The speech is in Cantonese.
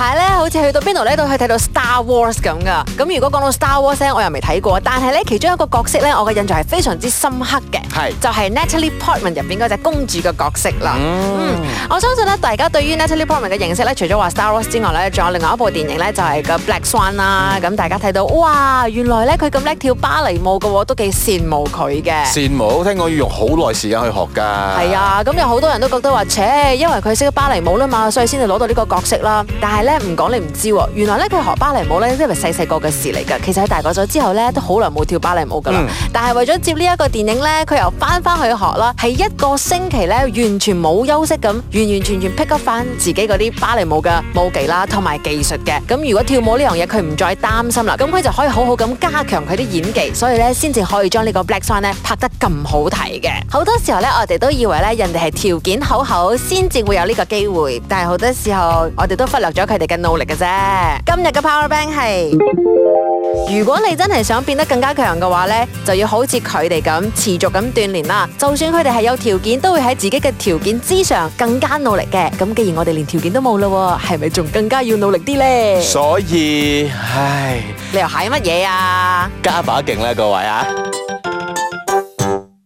係咧，好似去到邊度咧都可以睇到 Star Wars 咁噶。咁如果講到 Star Wars 咧，我又未睇過。但係咧，其中一個角色咧，我嘅印象係非常之深刻嘅，就係、是、Natalie Portman 入面嗰隻公主嘅角色啦、嗯。嗯，我相信咧，大家對於 Natalie Portman 嘅認識咧，除咗話 Star Wars 之外咧，仲有另外一部電影咧，就係個 Black Swan 啦。咁大家睇到，哇，原來咧佢咁叻跳芭蕾舞嘅喎，都幾羨慕佢嘅。羨慕，聽講要用好耐時間去學㗎。係啊，咁有好多人都覺得話，切，因為佢識芭蕾舞啦嘛，所以先至攞到呢個角色啦。但係唔講你唔知，原來咧佢學芭蕾舞咧，因為細細個嘅事嚟噶。其實喺大個咗之後咧，都好耐冇跳芭蕾舞噶啦、嗯。但係為咗接呢一個電影咧，佢又翻翻去學啦，係一個星期咧完全冇休息咁，完完全全 pick up 翻自己嗰啲芭蕾舞嘅舞技啦，同埋技術嘅。咁如果跳舞呢樣嘢佢唔再擔心啦，咁佢就可以好好咁加強佢啲演技，所以咧先至可以將呢個 Black Swan 咧拍得咁好睇嘅。好多時候咧，我哋都以為咧人哋係條件好好先至會有呢個機會，但係好多時候我哋都忽略咗佢。哋嘅努力嘅啫，今日嘅 Power Bank 係，如果你真係想變得更加強嘅話咧，就要好似佢哋咁持續咁鍛煉啦。就算佢哋係有條件，都會喺自己嘅條件之上更加努力嘅。咁既然我哋連條件都冇啦，係咪仲更加要努力啲咧？所以，唉，你又係乜嘢啊？加把勁啦，各位啊！